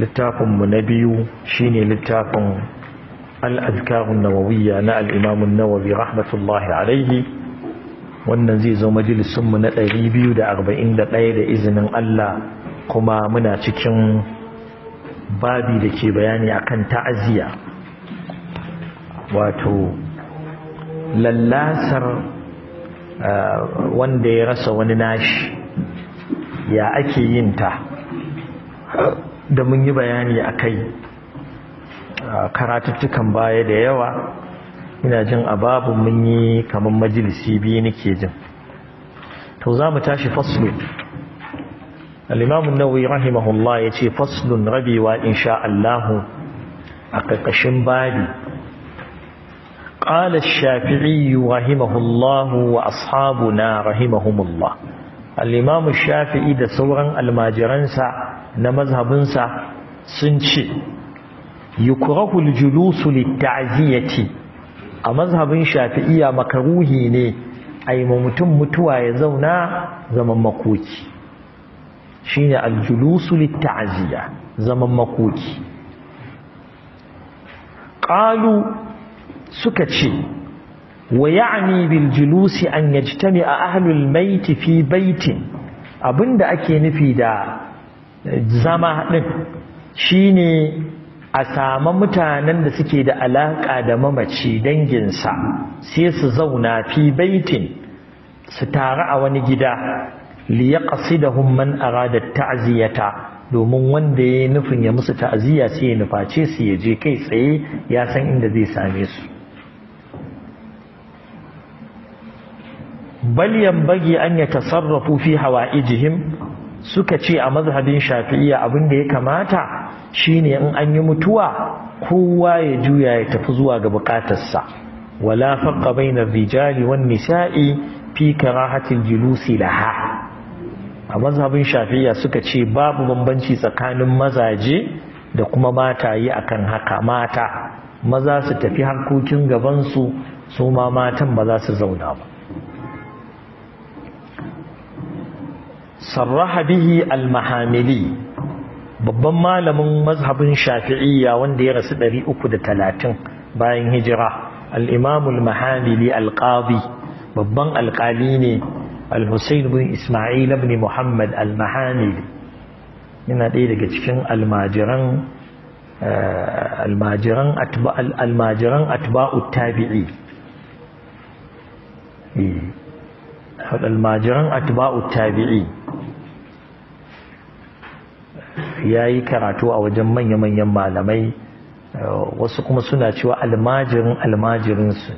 littafinmu na biyu shine littafin al'adkarun nawawiyya na al'imamun nawawi rahmatullahi alaihi wannan zai zo majalisunmu na 241 da izinin Allah kuma muna cikin babi da ke bayani akan ta'aziyya wato lallasar ah, wanda ya rasa wani nashi ya ake yin ta da mun yi bayani a kai karatuttukan baya da yawa ina jin a babu mun yi kamar majalisi biyu nake jin to za mu tashi faslu al'imamun nawawi rahimahullah ya ce faslun rabewa insha Allahu a ƙarƙashin babi ƙalar الشافعي رحمه الله وأصحابنا رحمهم A limamin shafi'i da sauran almajiransa. na mazhabinsa sun ce yukurahul julusu litta'ziyati a mazhabin shafi'iya makaruhi ne a yi mutum mutuwa ya zauna zaman makoki shine aljulusu litta'ziya zaman makoki qalu suka ce wa ya'ni bil julusi an yajtami ahlul maiti fi baitin abinda ake nufi da zama ɗin shine a sami mutanen da suke da alaƙa da mamaci danginsa sai su zauna fi baitin su taru a wani gida liyaqsidahum man arada ta'ziyata domin wanda ya nufin ya musu ta'ziya sai ya nuface su ya je kai tsaye ya san inda zai same su bal bagi an yatasarrafu fi hawa hawa'ijihim suka ce a mazhabin shafi'iyya abin da ya kamata shine in an yi mutuwa kowa ya juya ya tafi zuwa ga bukatarsa wala faqa bainar rijali wan nisa'i fi karahatil julusi laha a mazhabin shafi'iyya suka ce babu bambanci tsakanin mazaje da kuma mata yi akan haka mata maza su tafi harkokin su su ma matan ba za su zauna ba sarraha bihi al-mahamili babban malamin mazhabin shafi'iyya wanda ya rasu 330 bayan hijira al-imam al-mahamili al-qadi babban alƙali ne al-husayn bin isma'il ibn muhammad al-mahamili yana ɗaya daga cikin almajiran eh, almajiran atba almajiran tabi'i eh, almajiran atba'u tabi'i ya yi karatu a wajen manya-manyan malamai uh, wasu kuma suna cewa almajirin almajirinsu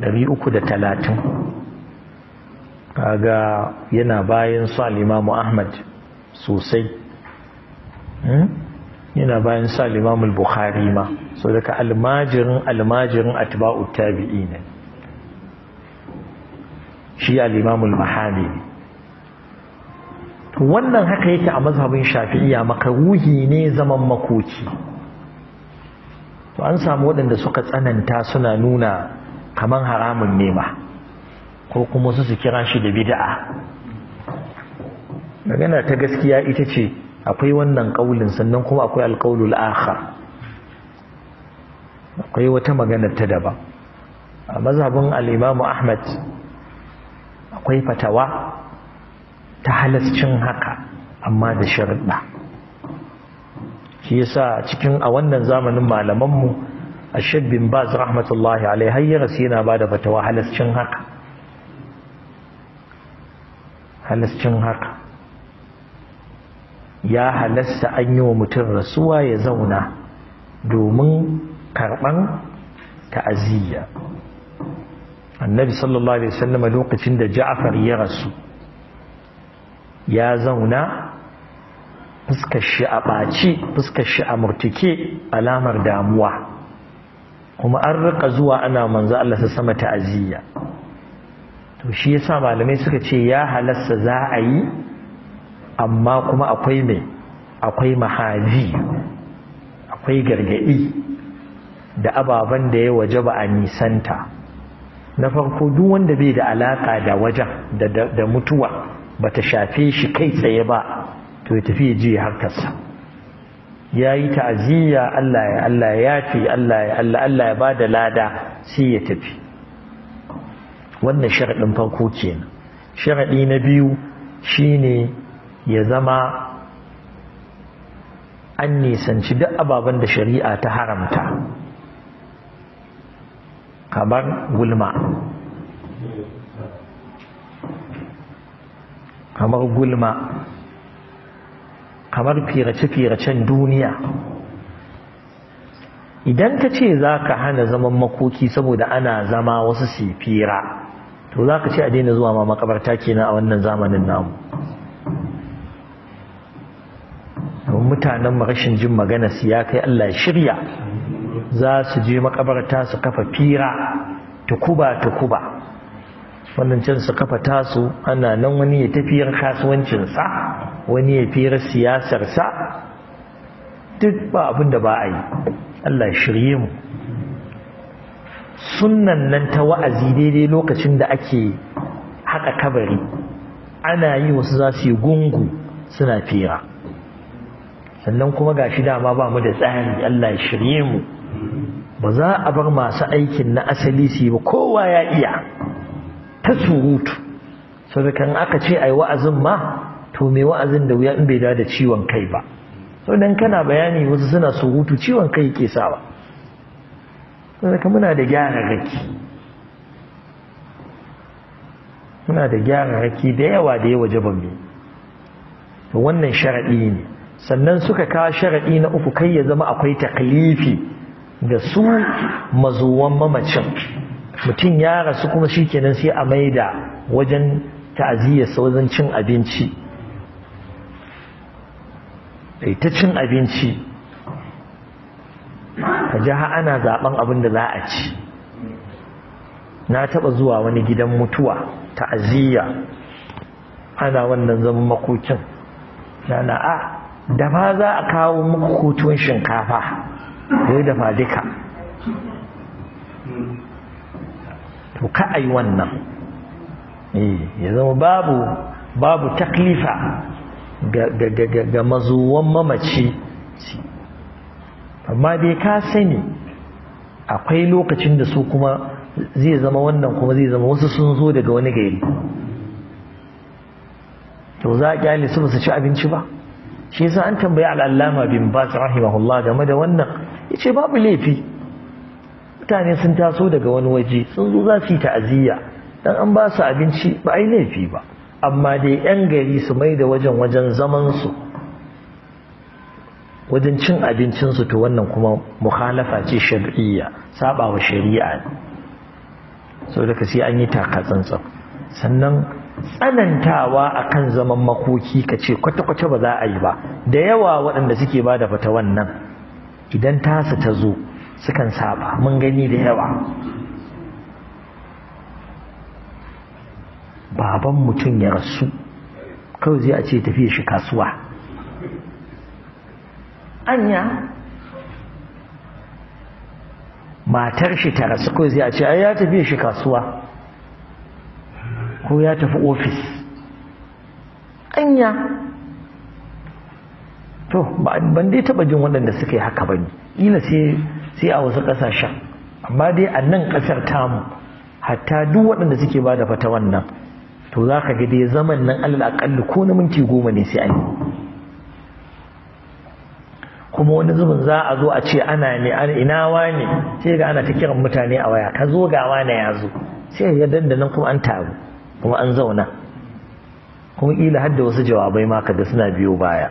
330 kaga yana bayan su al'imamu ahmad sosai hmm? yana bayan su al'imamu bukhari ma so daga almajirin almajirin atba'u tabi'i ne shi al'imamu mahami ne wannan haka yake a mazhabin shafi'iyya makaruhi ne zaman makoki to an samu waɗanda suka tsananta suna nuna kaman haramun ne ba ko kuma su su kira shi da bid'a magana ta gaskiya ita ce akwai wannan kaulin sannan kuma akwai alqaulul akhar akwai wata magana ta daban a mazhabin al-Imam Ahmad akwai fatawa ta halascin haka amma da sharuɗa shi yasa cikin a wannan zamanin malamanmu a shabbin baz rahmatullahi ya hayyarsu yana ba da fatawa halascin haka halascin haka ya halasta an yi wa mutum rasuwa ya zauna domin karɓan ta'aziyya annabi sallallahu alaihi wasallam lokacin da ja'far ya rasu ya zauna fuskar shi a ɓaci fuskar shi a murtuke alamar damuwa kuma an riƙa zuwa ana manzo Allah sama ta'aziyya to shi yasa malamai suka ce ya halasta za a yi amma kuma akwai mai akwai mahazi akwai gargadi da ababen da ya waje ba a nisanta na farko duk wanda bai da alaƙa da wajen da mutuwa Ba ta shafe shi kai tsaye ba to ya tafi ji harkarsa ya yi ta'aziyya Allah ya Allah ya yafi Allah ya Allah Allah ya bada lada sai ya tafi wannan sharadin farko kenan sharadi na biyu shine ya zama an nisanci duk ababen da shari'a ta haramta kamar gulma kamar gulma kamar firace-firacen duniya idan ka ce za ka hana zaman makoki saboda ana zama wasu sifira fira to za ka ce a daina zuwa ma makabarta kenan a wannan zamanin namu mutanen rashin jin magana su ya kai Allah shirya za su je makabarta su kafa fira tukuba tukuba wannan can su kafa tasu ana nan wani ya tafiyar kasuwancinsa wani ya fira siyasarsa duk ba abin da ba a yi Allah shirye mu sunnan nan ta wa'azi daidai lokacin da ake haka kabari ana yi wasu za su yi gungu suna fira sannan kuma ga shi dama ba mu da tsari Allah shirye mu ba za a bar masu aikin na asali su yi ba kowa ya iya ta surutu saboda aka ce ai wa'azin ma to me wa'azin da wuya in bai da ciwon kai ba saboda kana bayani wasu suna surutu ciwon kai ke sa sawa saboda muna da gyara raki muna da gyara raki da yawa da yawa jaban mu to wannan sharadi ne sannan suka kawo sharadi na uku kai ya zama akwai taklifi da su mazuwan mamacin mutum ya rasu kuma shi kenan sai a maida wajen ta'aziyarsa wajen cin abinci ta cin abinci ka jiha ana zaben abin da za a ci na taɓa zuwa wani gidan mutuwa ta'aziyya ana wannan zaman makokin na a da ba za a kawo muku shinkafa da ya dafa duka to ka ai wannan eh ya zama babu babu taklifa ga mazuwan mamaci amma dai ka sani akwai lokacin da su kuma zai zama wannan kuma zai zama wasu sun zo daga wani gari to za a kyale su ba su ci abinci ba shi yasa an tambayi al'allama bin bas rahimahullah game da wannan yace babu laifi mutane sun taso daga wani waje sun zo za su yi ta'aziyya dan an ba su abinci ba ai laifi ba amma dai yan gari su mai da wajen wajen zaman su wajen cin abincin su to wannan kuma mukhalafa ce shar'iyya saba wa shari'a so da sai an yi taka tsantsan sannan tsanantawa akan zaman makoki kace kwata-kwata ba za a yi ba da yawa waɗanda suke ba da fata wannan idan tasa ta zo sukan saba mun gani da yawa baban mutum ya rasu kawai zai a ce tafiye shi kasuwa anya matar shi ta rasu kawai zai a ce ai ya tafiye shi kasuwa ko ya tafi ofis anya to ban dai taba jin waɗanda suka yi haka bane ƙila sai sai a wasu ƙasashen amma dai a nan ƙasar tamu hatta duk waɗanda suke ba da fata wannan to za ka ga dai zaman nan alal aƙalli ko na minti goma ne sai a yi kuma wani zubin za a zo a ce ana ne ana ina wani sai ga ana ta kiran mutane a waya ka zo ga na ya zo sai ya nan kuma an taru kuma an zauna kuma har hadda wasu jawabai ma kada suna biyo baya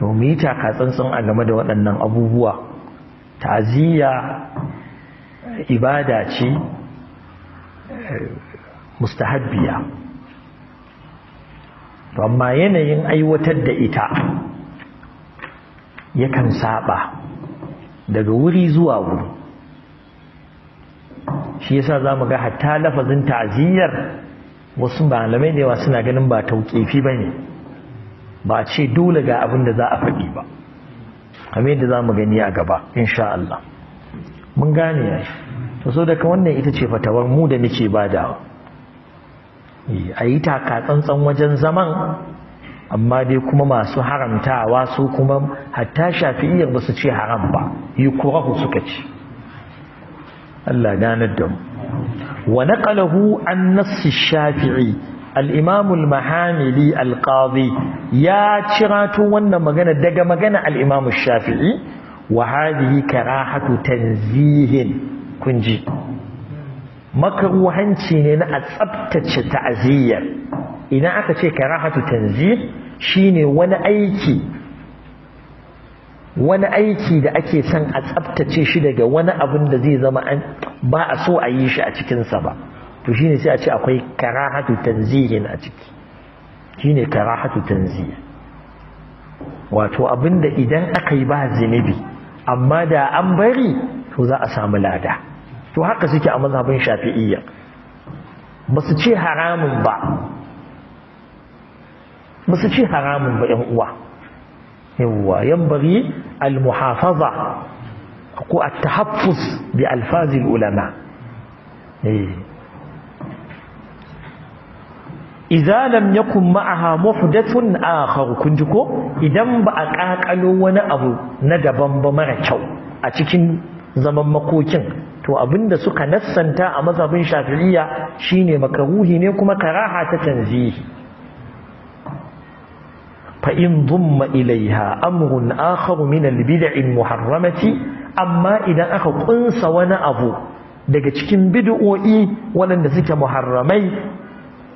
to mu yi takatsantsan a game da waɗannan abubuwa ta'aziyya ibada ce eh, mustahabbiya to amma yanayin aiwatar da ita yakan saba daga wuri zuwa wuri shi yasa za mu ga hatta lafazin ta'aziyyar wasu malamai da yawa suna ganin ba tauƙefi ba ba a ce dole ga abin da za a faɗi ba kamar yadda za mu gani a gaba insha Allah mun gane ya ta so daga wannan ita ce fatawar mu da muke da eh, a yi taka tsantsan wajen zaman amma dai kuma masu haramtawa su kuma hatta shafi'iyar ba su ce haram ba yi ku suka ce Allah ganar da mu wa naqalahu an nassi shafi'i الإمام المحاملي القاضي يا تشغاتو وانا مغانا دقا مغانا الإمام الشافعي وهذه tanzihin تنزيه كنجي hanci ne na a tsabtace ta'aziyya Ina aka ce karahatu tanzih shine wani aiki wani aiki da ake son a tsabtace shi daga wani abin da zai zama ba a so a yi shi a cikinsa ba to shine sai a ce akwai karahatu tanzihin a ciki shine karahatu tanzih wato abinda idan aka yi ba zinubi amma da an bari to za a samu lada to haka suke a mazhabin shafi'iyya ba su ce haramun ba ba su ce haramun ba yan uwa yawwa yan bari al-muhafaza ko at-tahaffuz bi alfazil ulama eh izalam ya yakun a muhdathun akhar kun ji ko idan ba a ƙaƙalo wani abu na daban ba mara kyau a cikin zaman makokin to abinda suka nassanta a mazabin shafi'iyya shine makaruhi ne kuma karaha ta canzihi. fa in ilaiha amrun akharu min al-bid'i muharramati amma idan aka kunsa wani abu daga cikin bid'o'i waɗanda suke muharramai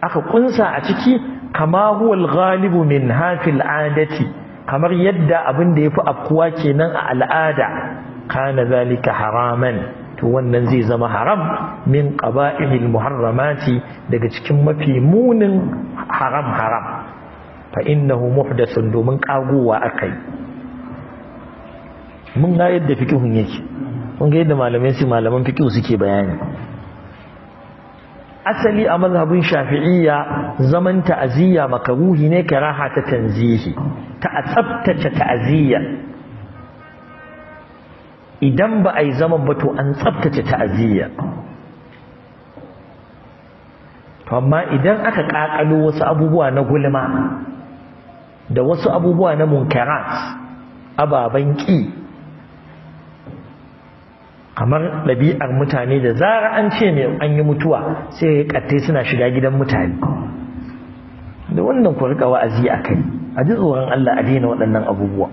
aka kunsa a ciki kama huwal galibu min hafil adati kamar yadda abin da yafi afkuwa kenan a al'ada kana zalika haraman to wannan zai zama haram min qaba'ihil muharramati daga cikin mafi munin haram haram fa innahu muhdathun domin kaguwa akai mun ga yadda fikihun yake mun ga yadda malamai su malaman fikihu suke bayani asali a mazhabin shafi'iyya zaman ta'aziyya makaruhi ne karaha ta tanzihi ta a tsabtace ta'aziyya idan ba a yi zaman ba to an tsabtace ta'aziyya to amma idan aka kakalo wasu abubuwa na gulma da wasu abubuwa na munkarat ababen ƙi kamar ɗabi'ar mutane da zara an ce mai an yi mutuwa sai ya kattai suna shiga gidan mutane da wannan ku rika wa'azi a kai a ji tsoron Allah a daina waɗannan abubuwa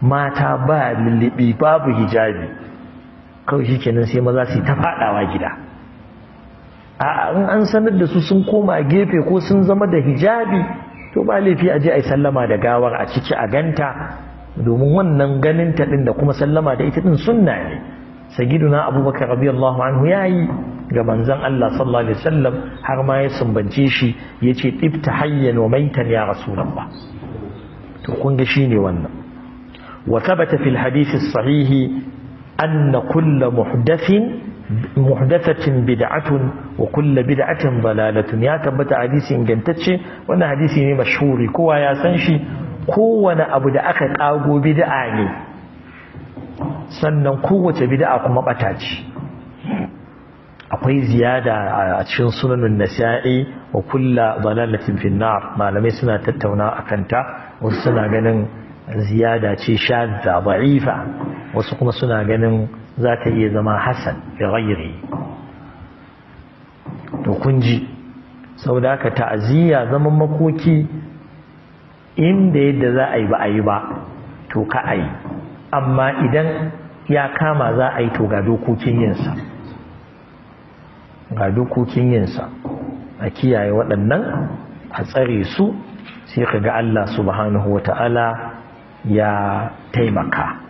mata ba lullubi babu hijabi kawai shi kenan sai maza su ta faɗawa gida a in an sanar da su sun koma gefe ko sun zama da hijabi to ba laifi a je a yi sallama da gawar a ciki a ganta domin wannan ganin ta din da kuma sallama da ita din sunna ne sayyiduna abubakar radiyallahu anhu yayi ga manzon Allah sallallahu alaihi wasallam har ma ya sumbance shi yace ce, hayyan wa maitan ya rasulullah to kun ga shine wannan wa thabata fil hadith as-sahih anna kull muhdathin muhdathatin bid'atun wa kull bid'atin dalalatun ya tabbata hadisi ingantacce wannan hadisi ne mashhuri kowa ya san shi kowane abu da aka kago bid'a ne sannan kowace bid'a kuma bata ce akwai ziyada a cikin sunanin nasa'i wa kulla dalalatin fi nar malamai suna tattauna akan ta wasu suna ganin ziyada ce shadda da'ifa wasu kuma suna ganin za ta iya zama hasan da ghairi to kun ji saboda ka ta'aziyya zaman makoki inda yadda za a yi ba a yi ba to ka a yi amma idan ya kama za a yi to ga dokokin yinsa ga dokokin yinsa a kiyaye waɗannan a tsare su sai ka ga Allah subhanahu wa ta'ala ya taimaka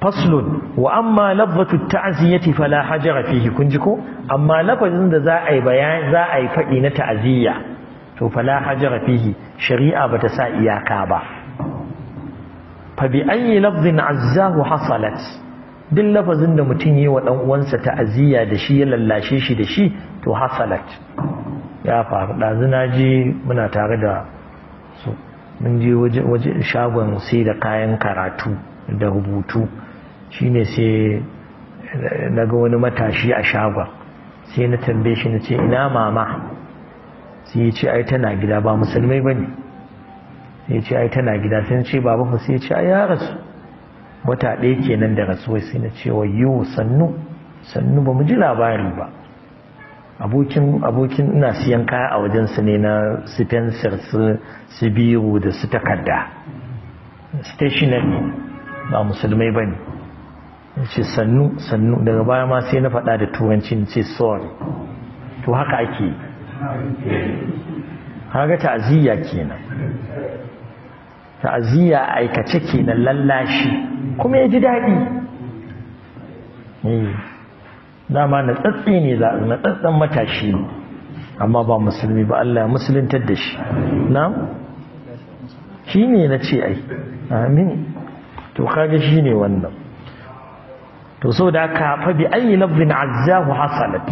faslun wa amma labbatu ta'ziyati fala hajara fihi kun ji ko amma lafazin da za a yi bayani za a yi faɗi na ta'aziyya to fala hajara fihi shari'a bata sa iyaka ba fa bi ayi lafzin azzahu hasalat duk lafazin da mutum yi wa dan uwansa ta'aziyya da shi ya lallashe shi da shi to hasalat ya faru ɗazu na je muna tare da su mun je waje shagon sai da kayan karatu da rubutu shine sai naga wani matashi a shagon sai na tambaye shi na ce ina mama sai ya ce ai tana gida ba musulmai ba ne sai ya ce ai tana gida sai ce baba fa sai ya ce ai ya rasu wata ɗaya kenan da rasu sai na ce yiwu sannu sannu ba mu ji labarin ba abokin abokin ina siyan kaya a wajen su ne na spencer su sibiru da su takarda stationery ba musulmai ba ne ce sannu sannu daga baya ma sai na faɗa da turanci ce sorry to haka ake yi kaga ta'aziyya kenan ta'aziyya aikace kenan lallashi kuma ya ji daɗi eh, dama na tsatsi ne za na tsatsan matashi amma ba musulmi ba Allah ya musuluntar da shi na shi ne na ce ai amin to kaga shi ne wannan to so da ka fa ayi lafzin azzahu hasalat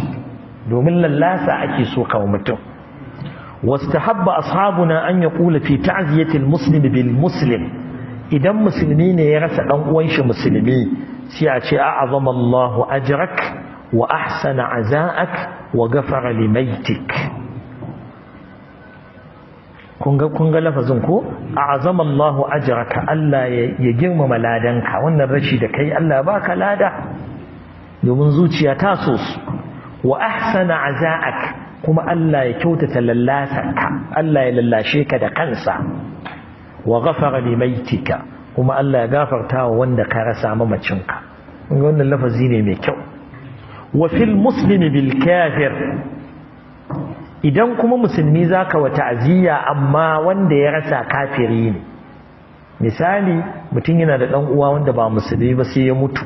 domin lallasa ake so kawo mutum wastahabba ashabuna an yaqula fi ta'ziyati almuslim bil muslim idan musulmi ne ya rasa dan uwan shi musulmi sai a ce a'azama Allahu ajrak wa ahsana aza'ak wa ghafara wa kun ga kun ga lafazin ko a'azama Allahu ajraka Allah ya girmama ladanka wannan rashi da kai Allah baka lada domin zuciya ta so su wa ahsana aza'ak kuma Allah ya kyautata lallatarka Allah ya lallashe ka da kansa wa ghafara limaitika kuma Allah ya gafarta wa wanda ka rasa mamacinka wannan lafazi ne mai kyau wa fil muslimi bil kafir idan kuma musulmi zaka wa ta'ziya amma wanda ya rasa kafiri ne misali mutum yana da dan uwa wanda ba musulmi ba sai ya mutu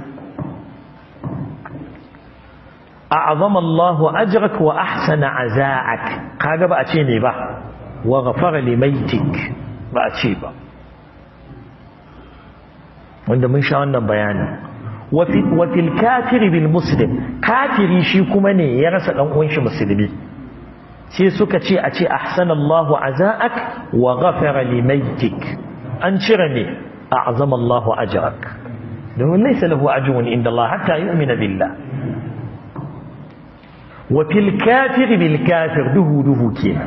a'azama Allahu ajrak wa ahsana aza'ak kaga ba a ce ne ba wa ghafara limaytik ba a ce ba wanda mun sha wannan bayanin wa fil kafiri bil muslim kafiri shi kuma ne ya rasa dan shi musulmi sai suka ce a ce ahsanallahu aza'ak wa ghafara limaytik an cire ne a'azama Allahu ajrak domin laysa lahu ajrun inda Allah hatta umina billah wa fil kafir bil kafir duhu duhu kenan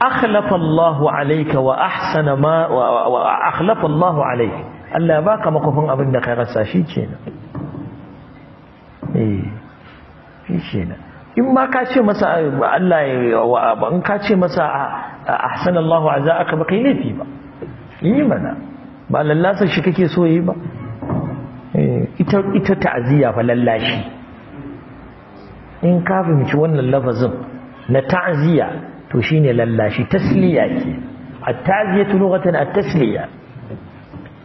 akhlafa Allah alayka wa ahsana ma wa akhlafa Allah alayka Allah baka makofin abin da ka rasa shi kenan eh shi kenan in ma ka ce masa Allah in ka ce masa ahsana Allah azza aka baka laifi ba yi mana ba lallasa shi kake so yi ba eh, ita ta'aziyya fa lallashi in ka fahimci wannan lafazin na ta'ziya to shine lallashi tasliya ke at-ta'ziyatu lughatan at-tasliya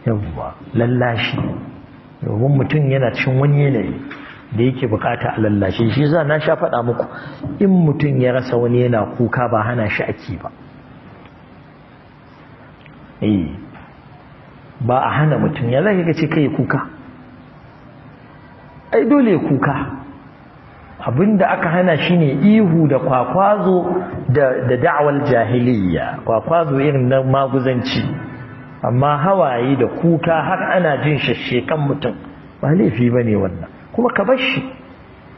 yawa lallashi domin mutum yana cikin wani yanayi da yake bukata a lallashi shi za na sha faɗa muku in mutum ya rasa wani yana kuka ba hana shi ake ba eh, ba a hana mutum ya zaka ce kai kuka ai dole kuka abinda aka hana shine ihu da kwakwazo da da'awar jahiliya kwakwazo irin na maguzanci amma hawaye da kuka har ana jin shashe kan mutum ba laifi bane wannan kuma ka bar shi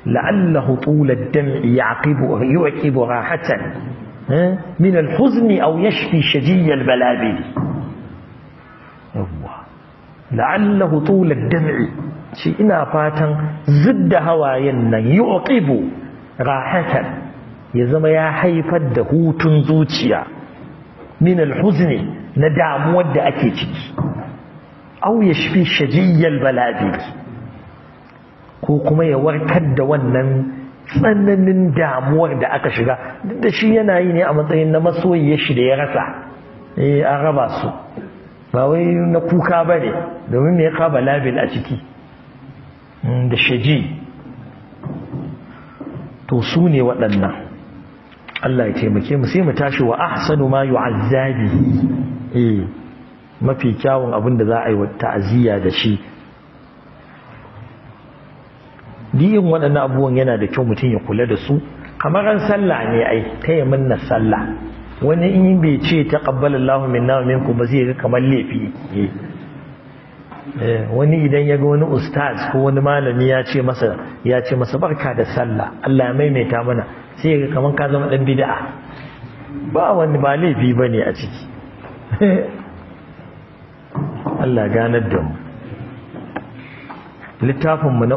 la'allahu tula dam'i yaqibu yuqibu rahatan min al-huzn aw yashfi shajiy al-balabil yawwa shi ina fatan zidda hawayen nan yi oƙibu rahatan ya zama ya haifar da hutun zuciya min alhuzni na damuwar da ake ciki au ya shafi shajiyyar balabi ko kuma ya warkar da wannan tsananin damuwar da aka shiga duk da shi yana yi ne a matsayin na masoyiya shi da ya rasa eh an raba su ba wai na kuka ba ne domin me ya kaba labil a ciki Mm, da shaji to su ne waɗannan Allah ya taimake mu sai mu tashi wa ahsanu ma yu'azzabi eh mafi kyawun abin da za a yi wa ta'aziyya da shi diyin waɗannan abubuwan yana da kyau mutum ya kula da su kamar an sallah ne ai taya minna sallah wani in bai ce taqabbalallahu minna wa minkum ba zai ga kamar laifi Eh, wani idan ya ga wani ustaz ko wani malami ya ce masa ya ce masa barka da sallah Allah ya maimaita mana sai ya ga kamar ka zama dan bid'a ba wani ba laifi bane a ciki Allah ganar da mu littafin mu na